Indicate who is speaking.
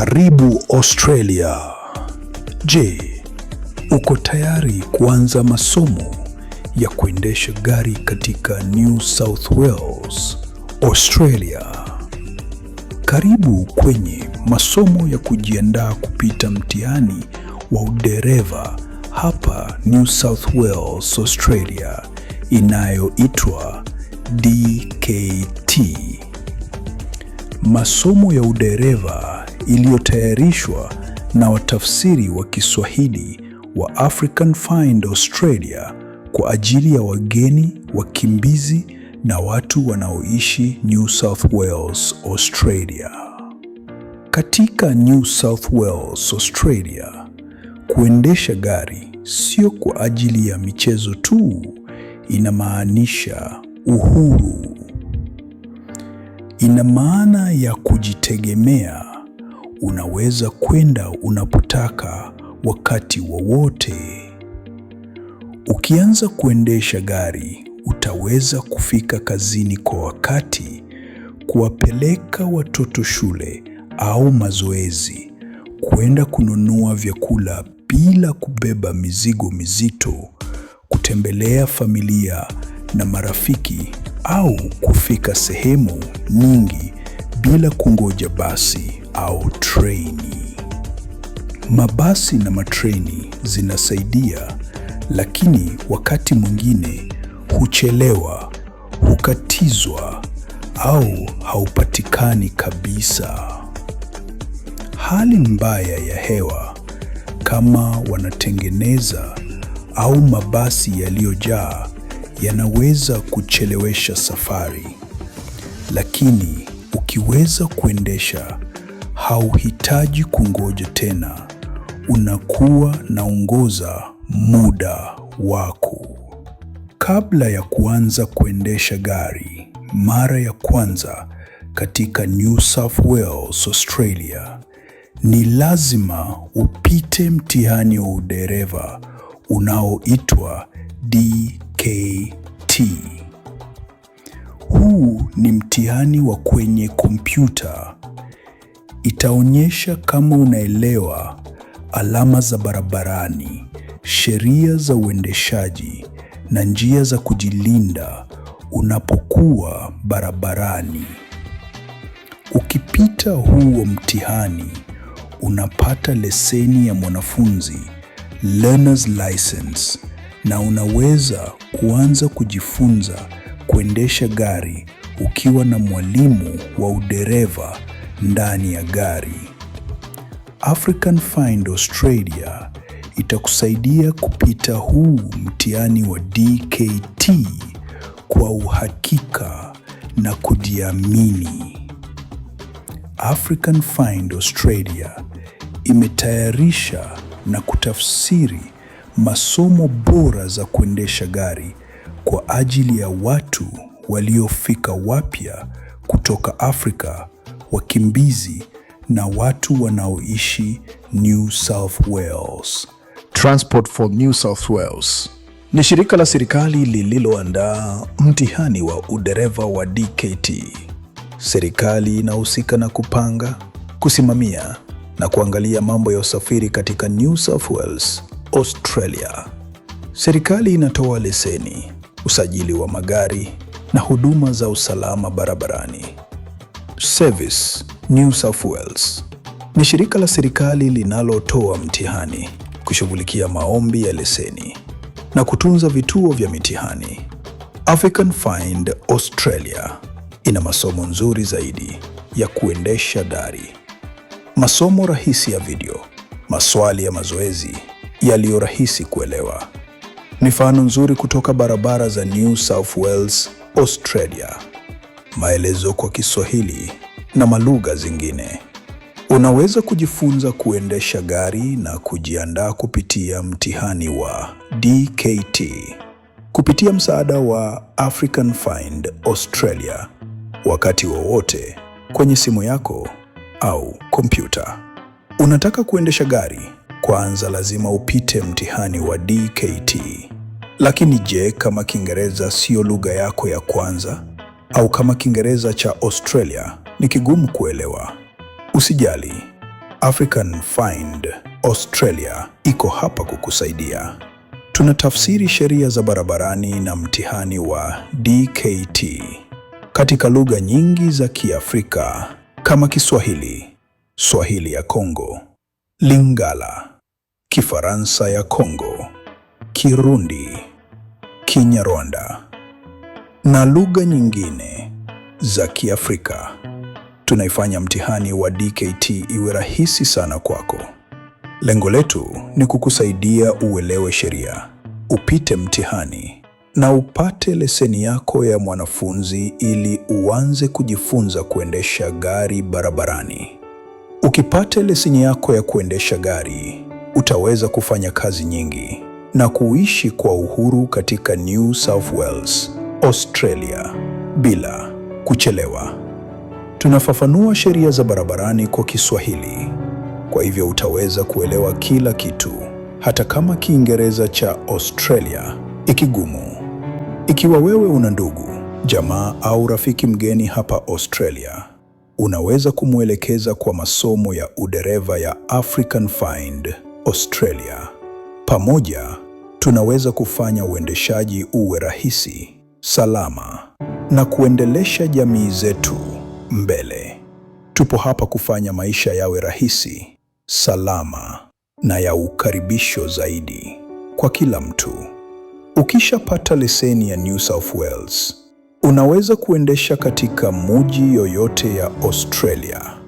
Speaker 1: Karibu Australia. Je, uko tayari kuanza masomo ya kuendesha gari katika New South Wales, Australia? Karibu kwenye masomo ya kujiandaa kupita mtihani wa udereva hapa New South Wales, Australia inayoitwa DKT. Masomo ya udereva iliyotayarishwa na watafsiri wa Kiswahili wa African Find Australia kwa ajili ya wageni, wakimbizi na watu wanaoishi New South Wales, Australia. Katika New South Wales, Australia, kuendesha gari sio kwa ajili ya michezo tu, inamaanisha uhuru. Ina maana ya kujitegemea Unaweza kwenda unapotaka wakati wowote. Ukianza kuendesha gari, utaweza kufika kazini kwa wakati, kuwapeleka watoto shule au mazoezi, kwenda kununua vyakula bila kubeba mizigo mizito, kutembelea familia na marafiki au kufika sehemu nyingi bila kungoja basi au treni. Mabasi na matreni zinasaidia, lakini wakati mwingine huchelewa, hukatizwa au haupatikani kabisa. Hali mbaya ya hewa kama wanatengeneza au mabasi yaliyojaa yanaweza kuchelewesha safari, lakini Ukiweza kuendesha, hauhitaji kungoja tena, unakuwa naongoza muda wako. Kabla ya kuanza kuendesha gari mara ya kwanza katika New South Wales, Australia, ni lazima upite mtihani wa udereva unaoitwa DKT ni mtihani wa kwenye kompyuta. Itaonyesha kama unaelewa alama za barabarani, sheria za uendeshaji na njia za kujilinda unapokuwa barabarani. Ukipita huo mtihani, unapata leseni ya mwanafunzi learner's license, na unaweza kuanza kujifunza kuendesha gari ukiwa na mwalimu wa udereva ndani ya gari. African Find Australia itakusaidia kupita huu mtihani wa DKT kwa uhakika na kujiamini. African Find Australia imetayarisha na kutafsiri masomo bora za kuendesha gari kwa ajili ya watu waliofika wapya kutoka Afrika, wakimbizi na watu wanaoishi New South Wales. Transport for New South Wales ni shirika la serikali lililoandaa mtihani wa udereva wa DKT. Serikali inahusika na kupanga, kusimamia na kuangalia mambo ya usafiri katika New South Wales, Australia. Serikali inatoa leseni, usajili wa magari na huduma za usalama barabarani. Service New South Wales ni shirika la serikali linalotoa mtihani, kushughulikia maombi ya leseni na kutunza vituo vya mitihani. African Find Australia ina masomo nzuri zaidi ya kuendesha dari, masomo rahisi ya video, maswali ya mazoezi yaliyo rahisi kuelewa, mifano nzuri kutoka barabara za New South Wales Australia, maelezo kwa Kiswahili na malugha zingine. Unaweza kujifunza kuendesha gari na kujiandaa kupitia mtihani wa DKT kupitia msaada wa African Find Australia wakati wowote wa kwenye simu yako au kompyuta. Unataka kuendesha gari? Kwanza lazima upite mtihani wa DKT. Lakini je, kama Kiingereza siyo lugha yako ya kwanza au kama Kiingereza cha Australia ni kigumu kuelewa? Usijali, African Find Australia iko hapa kukusaidia. Tunatafsiri sheria za barabarani na mtihani wa DKT katika lugha nyingi za Kiafrika kama Kiswahili, Swahili ya Kongo, Lingala, Kifaransa ya Kongo, Kirundi Kinyarwanda na lugha nyingine za Kiafrika. Tunaifanya mtihani wa DKT iwe rahisi sana kwako. Lengo letu ni kukusaidia uelewe sheria, upite mtihani na upate leseni yako ya mwanafunzi ili uanze kujifunza kuendesha gari barabarani. Ukipata leseni yako ya kuendesha gari, utaweza kufanya kazi nyingi na kuishi kwa uhuru katika New South Wales, Australia bila kuchelewa. Tunafafanua sheria za barabarani kwa Kiswahili, kwa hivyo utaweza kuelewa kila kitu, hata kama Kiingereza cha Australia ikigumu. Ikiwa wewe una ndugu, jamaa au rafiki mgeni hapa Australia, unaweza kumwelekeza kwa masomo ya udereva ya African Find Australia. Pamoja tunaweza kufanya uendeshaji uwe rahisi, salama na kuendelesha jamii zetu mbele. Tupo hapa kufanya maisha yawe rahisi, salama na ya ukaribisho zaidi kwa kila mtu. Ukishapata leseni ya New South Wales, unaweza kuendesha katika muji yoyote ya Australia.